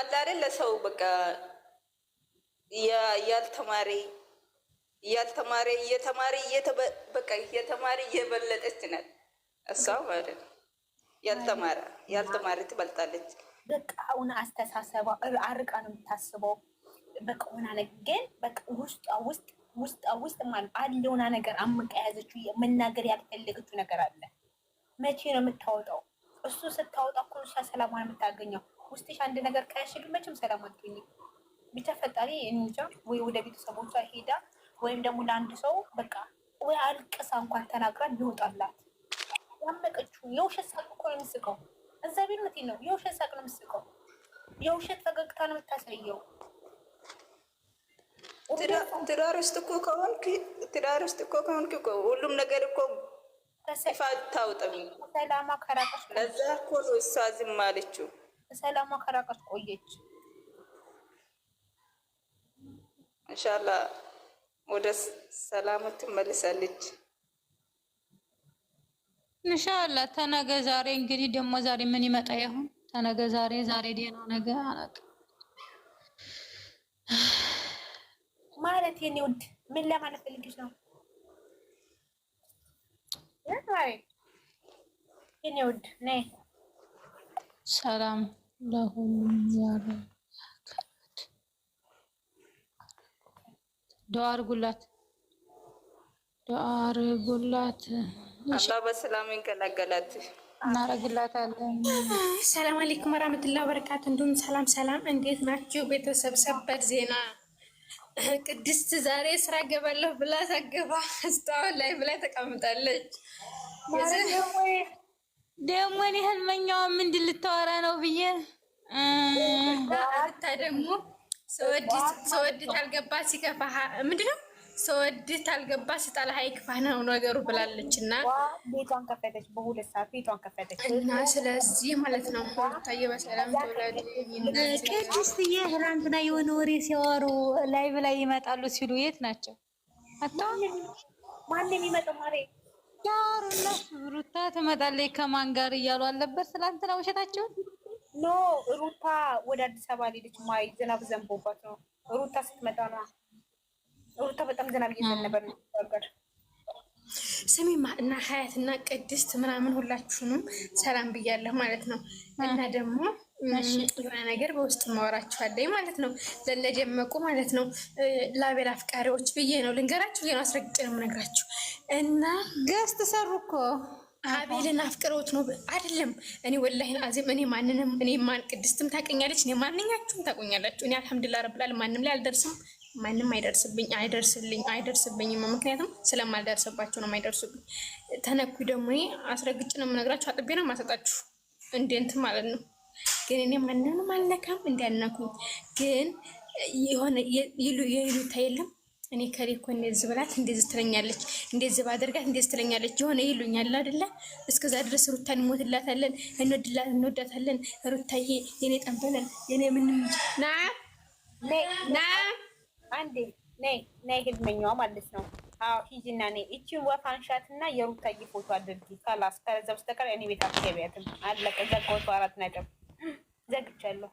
አላሬ ለሰው በቃ ያልተማሪ ያልተማሪ እየተማሪ በቃ እየተማሪ እየበለጠች ናት እሷ ማለት ነው። ያልተማረ ያልተማሪ ትበልጣለች። በቃ አሁን አስተሳሰባ አርቃ ነው የምታስበው። በቃ ሆና ነ ግን በቃ ውስጧ ውስጥ ውስጧ ውስጥ ማለት አለ ሆና ነገር አምቃ የያዘችው መናገር ያልፈለገችው ነገር አለ። መቼ ነው የምታወጣው? እሱ ስታወጣ እኮ እሷ ሰላም የምታገኘው። ውስጥሽ አንድ ነገር ቀያሽ ግን መቼም ሰላም አትገኝም። ብቻ ፈጣሪ እንጃ ወይ ወደ ቤተሰቦቿ ሄዳ ወይም ደግሞ ለአንድ ሰው በቃ ወይ አልቅሳ እንኳን ተናግራ ይወጣላት። ያመቀችው የውሸት ሳቅ እኮ ነው የምስቀው። እዛ ቤት ምት ነው የውሸት ሳቅ ነው የምስቀው። የውሸት ፈገግታ ነው የምታሳየው። ትዳር ውስጥ እኮ ከሆንክ ትዳር ውስጥ እኮ ከሆንክ ሁሉም ነገር እኮ ሲፋ አታውጥም። ሰላሟ ከራቀች ለዛ እኮ ነው እሷ ዝም አለችው። ከራቀች ቆየች። እንሻላ ወደ ሰላም ትመልሳለች። እንሻላ ተነገ ዛሬ እንግዲህ ደግሞ ዛሬ ምን ይመጣ ይሆን? ተነገ ዛሬ ዛሬ ደህና ነገ አላውቅም። ማለት የኔ ውድ ምን ለማለት ፈልግሽ ነው? ሰላም ለሁሉም ያለ ዱአ አድርጉላት፣ ዱአ አድርጉላት። አላህ በሰላም ይገላገላት። እናረግላታለን። ሰላም አለይኩም ወራህመቱላሂ ወበረካቱ። እንዲሁም ሰላም ሰላም፣ እንዴት ናችሁ ቤተሰብ? ሰበር ዜና ቅድስት ዛሬ ስራ ገባለሁ ብላ ሳገባ ስታሁን ላይ ብላ ተቀምጣለች። ደግሞ እኔ ህልመኛዋም ምንድን ልታወራ ነው ብዬ ታ ደግሞ ሰወድ ታልገባ ሲከፋ ምንድነው ሰወድት አልገባ ስጣል ሀይክፋ ነው ነገሩ ብላለች እና ቤቷን ከፈተች፣ በሁለት ሰዓት ቤቷን ከፈተች እና ስለዚህ ማለት ነው ታየ በሰላም ቅድስትዬ ትናንትና የሆነ ወሬ ሲያወሩ ላይቭ ላይ ይመጣሉ ሲሉ የት ናቸው? ማን የሚመጣው ማሬ ያወሩና ሩታ ትመጣለች ከማን ጋር እያሉ አልነበር ትናንትና ውሸታቸውን? ኖ ሩታ ወደ አዲስ አበባ ሌለች ማይ ዝናብ ዘንቦባት ነው ሩታ ስትመጣ ነው ሩታ በጣም ዝናብ እየዘነበ ነበር። ነበር ስሚማ እና ሀያት እና ቅድስት ምናምን ሁላችሁንም ሰላም ብያለሁ ማለት ነው። እና ደግሞ የሆነ ነገር በውስጥ ማወራችኋለኝ ማለት ነው። ለነደመቁ ማለት ነው። ላቤል አፍቃሪዎች ብዬ ነው ልንገራችሁ ብዬ ነው አስረግጬ ነው የምነግራችሁ። እና ገስት ሰሩ እኮ አቤልን አፍቅረውት ነው አይደለም። እኔ ወላሂን አዜም እኔ ማንንም እኔ ማን ቅድስትም ታቀኛለች እኔ ማንኛችሁም ታቆኛላችሁ። እኔ አልሐምዱሊላህ ረብላል ዓለሚን ማንም ላይ አልደርስም። ማንም አይደርስብኝ አይደርስልኝ አይደርስብኝም። ምክንያቱም ስለማልደርስባቸው ነው የማይደርሱብኝ። ተነኩ ደግሞ እኔ አስረግጬ ነው የምነግራችሁ፣ አጥቤ ነው የማሰጣችሁ። እንዴንት ማለት ነው። ግን እኔ ማንንም አልነካም እንዲያነኩኝ። ግን የሆነ የይሉታ የለም እኔ ከሌ እኮ እንደዚህ ብላት እንደዚህ ትለኛለች፣ እንደዚህ ባደርጋት እንደዚህ ትለኛለች፣ የሆነ ይሉኛል አይደለ? እስከዛ ድረስ ሩታ እንሞትላታለን፣ እንወዳታለን፣ ሩታዬ የኔ ጠንበለን የኔ ምንም ና ና አንዴ ነይ ነይ ህልመኛዋ ማለት ነው። አዎ ሂጂና ነይ እቺን ወፍ አንሻትና የሩታዬ ፎቶ አድርጊ። ከላስ ከዛ በስተቀር እኔ ቤት አትገቢያትም። አለቀ። ዘጋሁት። አራት ነጥብ ዘግቻለሁ።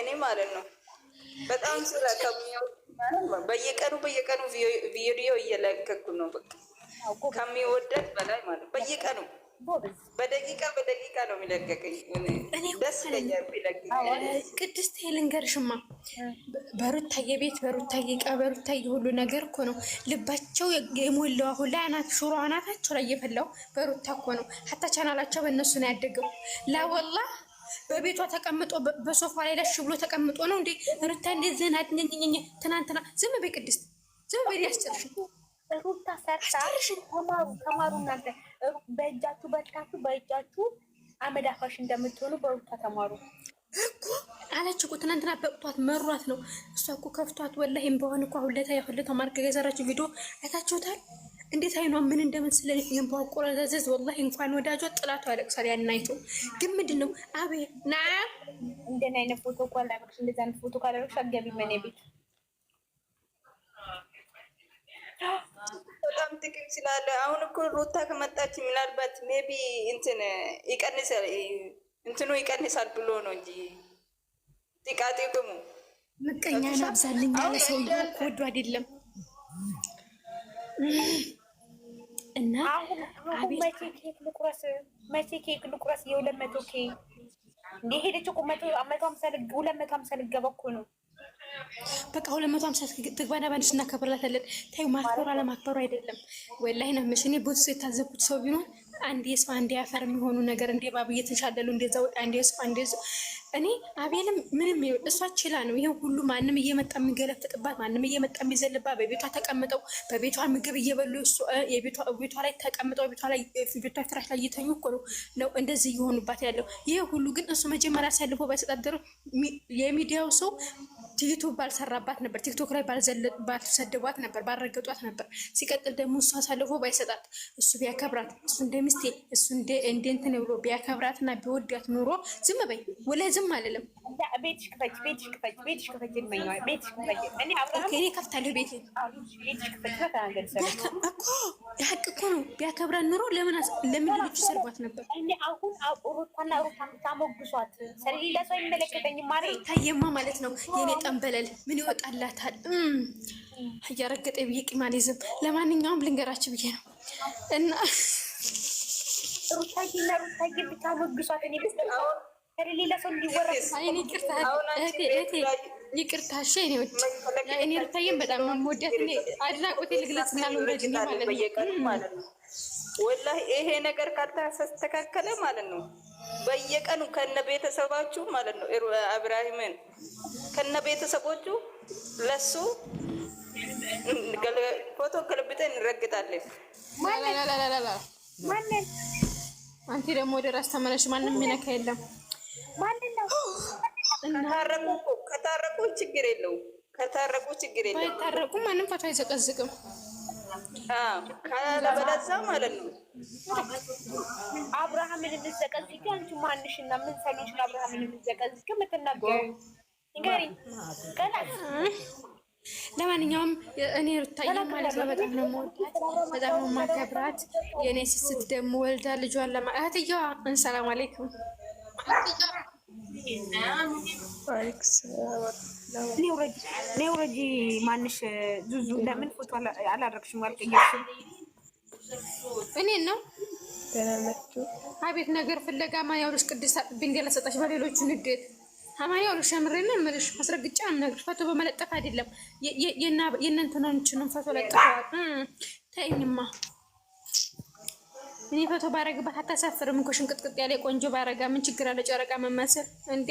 እኔ ማለት ነው በጣም ስራ ከሚያው በየቀኑ በየቀኑ ቪዲዮ እየለቀኩ ነው። በቃ ከሚወደድ በላይ ማለት በየቀኑ በደቂቃ በደቂቃ ነው የሚለቀቀኝ። ደስ ይለኛል። ቅድስት ልንገርሽማ በሩታዬ ቤት በሩታዬ ቃ በሩታዬ ሁሉ ነገር እኮ ነው ልባቸው የሞላው አሁን ላይ አናት ሹሮ አናታቸው ላይ የፈላው በሩታ እኮ ነው። ሀታ ቻናላቸው በእነሱ ነው ያደገው። ላወላ በቤቷ ተቀምጦ በሶፋ ላይ ለሽ ብሎ ተቀምጦ ነው እንዴ ሩታ እንዴ ዘና ትናንትና ዝም በይ ቅድስት ዝም በይ ያስጨርሽ ሩታ ሰርታ ተማሩ ተማሩ እናንተ በእጃችሁ በርታችሁ በእጃችሁ አመዳፋሽ እንደምትሆኑ በሩታ ተማሩ እኮ አለች እኮ ትናንትና በቅቷት መሯት ነው እሷ እኮ ከፍቷት ወላሂ እምባዋን እኮ ሁለታ የሁለታ ማርክ የሰራችው ቪዲዮ አይታችሁታል እንዴት አይኗ ምን እንደምትስለ እምባዋ ቆረዘዘዝ ወላሂ እንኳን ወዳጇ ጥላቷ ያለቅሳል ያን አይቶ ግን ምንድን ነው አቤ ና እንደን አይነት ፎቶ እኮ አላረግሽ እንደዛ አይነት ፎቶ ካላረግሽ አትገቢም እኔ ቤት ጥቅም ስላለ አሁን እኮ ሩታ ከመጣች ምናልባት ሜቢ እንትን ይቀንሳል እንትኑ ይቀንሳል ብሎ ነው እንጂ ጥቃጤ ጥሙ ምቀኛ ናብዛልኝ ያለ ሰው ወዱ አይደለም። እና መቼ ኬክ ልቁረስ? መቼ ኬክ ልቁረስ? የሁለት መቶ ኬክ እንደ ሄደች እኮ መቶ ሀምሳ ሁለት መቶ ሀምሳ ልገባ እኮ ነው በቃ ሁለት መቶ ሀምሳ ትግባና በአንድ እናከብርላታለን። ታዩ ማክበሩ አለማክበሩ አይደለም። ወላሂ ነው የምልሽ እኔ ቦትስ የታዘብኩት ሰው ቢኖር አንድ የስፋ አንድ ያፈር የሚሆኑ ነገር እንደ ባብ እየተንሻለሉ እንደዛ የስፋ አንድ አንዴ እኔ አቤልም ምንም እሷ ችላ ነው ይሄ ሁሉ ማንም እየመጣ የሚገለፍጥባት ማንም እየመጣ የሚዘልባት በቤቷ ተቀምጠው በቤቷ ምግብ እየበሉ ቤቷ ላይ ተቀምጠው ቤቷ ላይ ቤቷ ፍራሽ ላይ እየተኙ እኮ ነው እንደዚህ እየሆኑባት ያለው። ይሄ ሁሉ ግን እሱ መጀመሪያ አሳልፎ ባይሰጣት ድሮ የሚዲያው ሰው ቲክቶክ ባልሰራባት ነበር፣ ቲክቶክ ላይ ባልሰደቧት ነበር፣ ባልረገጧት ነበር። ሲቀጥል ደግሞ እሱ አሳልፎ ባይሰጣት፣ እሱ ቢያከብራት፣ እሱ እንደ ሚስቴ እሱ እንደ እንትን ብሎ ቢያከብራትና ቢወዳት ኑሮ ዝም በይ ወላሂ ዝም አልልም። ቤትሽ ክፈች፣ ቤትሽ ክፈች፣ ቤትሽ ክፈች፣ ቤትሽ ክፈች። እኔ ከፍታለሁ ቤት እኮ ሀቅ እኮ ነው። ቢያከብራት ኑሮ ለምን ለምን ልጆቹ ሰርቧት ነበር? እኔ አሁን ሩታና ሩታ ታሞግሷት ስለሌላ ሰው አይመለከተኝም ማለት ነው የኔ ጠንበለል ምን ይወጣላታል? እያረገጠ ብዬ ቂማሊዝም ለማንኛውም ልንገራችሁ ብዬ ነው እና ሩታዬና ሩታዬ ብቻ ወግሷት እኔ ሌላ ሰው እንዲወራ ይቅርታ እሺ። እኔ ወድ እኔ ሩታዬን በጣም መወዳት እኔ አድናቆቴ ልግለጽ ማለት ነው። ወላሂ ይሄ ነገር ካልተስተካከለ ማለት ነው በየቀኑ ከነ ቤተሰባችሁ ማለት ነው አብራሂምን ከነ ቤተሰቦቹ ለሱ ፎቶ ገልብጠን እንረግጣለን። አንቲ ደግሞ ወደ ራስ ተመለሽ። ማንም የሚነካ የለም። ከታረቁ ከታረቁ ችግር የለውም። ከታረቁ ችግር የለውም። ባይታረቁ ማንም ፎቶ አይዘቀዝቅም። ከለበለዛ ማለት ነው አብርሃምን የምዘቀዝቅ አንቺ ማንሽና ምን የምትናገሩ ንገሪ። ለማንኛውም እኔ ሩታዬ ማለት ነው በጣም ነው የምወዳት፣ በጣም ነው የማከብራት። የእኔ ስስት ደግሞ ወልዳ ልጇን ለማ እህትየዋ እንሰላም አለይኩም እኔ ውረጂ ማንሽ ዙዙ ለምን ፎቶ አላረግሽም? አልቀየርሽም? እኔን ነው አቤት ነገር ፍለጋ ማን ያውልሽ? ቅድስት ድንጋይ ለሰጣሽ በሌሎቹ ንዴት አማን ያውልሽ? አምሬና ምልሽ አስረግጫ ነገር ፎቶ በመለጠፍ አይደለም የእናንተኖችንም ፎቶ ለጥፈዋል። ተይኝማ እኔ ፎቶ ባረግባት አታሳፍርም እኮ ሽንቅጥቅጥ ያለ ቆንጆ ባረጋ ምን ችግር አለ? ጨረቃ መመሰል እንዴ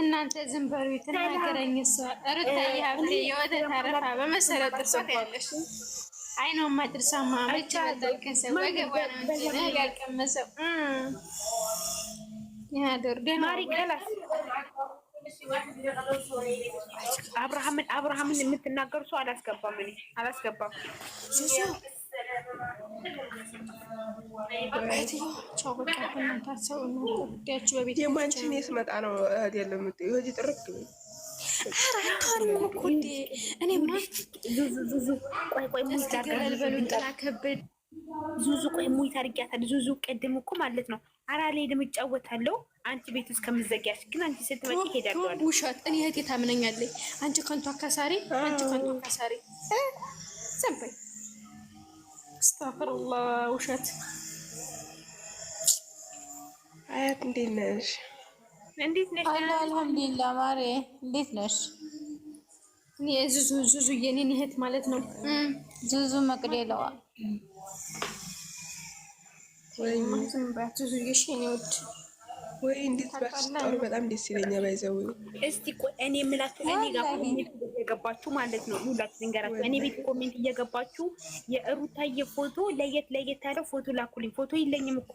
እናንተ ዝም በሉ የተናገረኝ እሷ ሩታ የሀብቴ የወተት አረፋ በመሰረት እርሷ ያለሽ አይነው ማድርሳማ መች ባልቀሰው ወገቧ ነው እንጂ ነገ ያልቀመሰው ያዶር አብርሃምን አብርሃምን የምትናገር ሰው አላስገባም እኔ አላስገባም የማንችን ስመጣ ነው ያለም እዚህ ጥርቅ ዙዙ ቆይ ሙይ ታርጊያታል። ዙዙ ቀድም እኮ ማለት ነው አራሌ እጫወታለሁ። አንቺ ቤት ውስጥ ከምዘጊያች ግን አንቺ ስትመጪ እሄዳለሁ። ውሸት እኔ እህቴ ታምነኛለች። አንቺ ከንቱ አካሳሪ፣ አንቺ ከንቱ አካሳሪ። ሰንበይ አስተፍርላ ውሸት። አያት እንዴት ነሽ? እንዴት ነሽ? አልሐምዱሊላህ ማሬ እንዴት ነሽ? ዙዙ ዙዙ የኔን እህት ማለት ነው። ዙዙ መቅደላዋ ወይ ዙዙ ውድ ወይ እንዴት ባስጣሩ በጣም ደስ ይለኛል። ባይዘው እስቲ እኔ የምላችሁ እኔ ጋር ኮሜንት እየገባችሁ ማለት ነው ሁላችሁ ልንገራችሁ። እኔ ቤት ኮሜንት እየገባችሁ የሩታዬ ፎቶ ለየት ለየት ያለው ፎቶ ላኩልኝ። ፎቶ የለኝም እኮ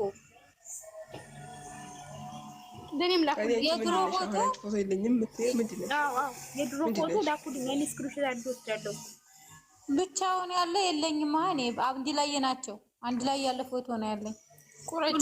ለኔም ላኩልኝ። የድሮ ፎቶ ፎቶ የለኝም እምትይ ምንድን ነው? አዎ አዎ የድሮ ፎቶ ላኩልኝ። እኔ ስክሪንሾት አድርጌዋለሁ። ብቻውን ያለ የለኝም። እኔ አንድ ላይ ናቸው። አንድ ላይ ያለ ፎቶ ነው ያለኝ ቁረጭ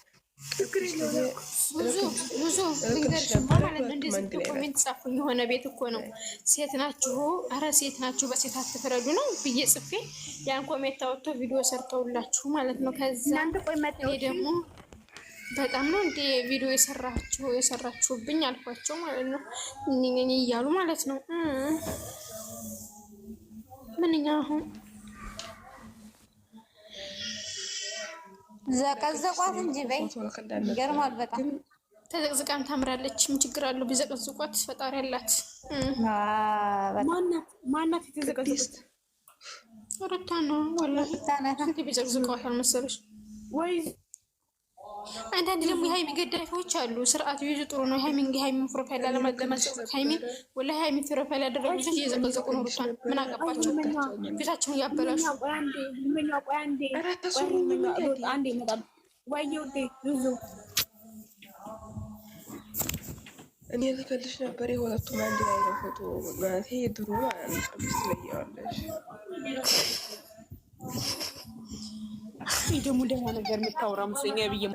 ብዙ ብዙ ማለት ነው። እንደዚህ ኮሜንት ጻፉኝ። የሆነ ቤት እኮ ነው ሴት ናችሁ፣ ኧረ ሴት ናችሁ፣ በሴት አትፍረዱ ነው ብዬ ጽፌ ያን ኮሜንት አውጥቶ ቪዲዮ ሰርተውላችሁ ማለት ነው። ከዛ እኔ ደግሞ በጣም ነው እንደ ቪዲዮ የሰራችሁ የሰራችሁብኝ አልኳቸው ማለት ነው። እኔ እያሉ ማለት ነው ምንኛ አሁን ዘቀዘቋት እንጂ በይ ይገርማል። በጣም ተዘቅዝቃም ታምራለች። ምን ችግር አለው ቢዘቀዝቋት? ፈጣሪ አላት። ማናት የተዘቀዘቀች? ሩታ ነው ወላ ቢዘቅዝቀዋት አልመሰለች ወይ አንዳንድ ደግሞ የሀይሚ ገዳፊዎች አሉ። ስርዓት ይዙ ጥሩ ነው። ሀይሚን ሀይሚን ፕሮፋይል ላለማዘመጽ ሀይሚን ወላ ሀይሚን ፕሮፋይል ያደረጉ ልጆች እየዘቀዘቁ ነው። ምን አገባቸው? ፊታቸውን እያበላሹ እኔ ልክልሽ ነበር የሁለቱም አንድ ላይ ነው ፎቶ ማለት ድሮ ስለያዋለሽ ደግሞ ደህና ነገር የምታወራ መስሎኝ ብዬ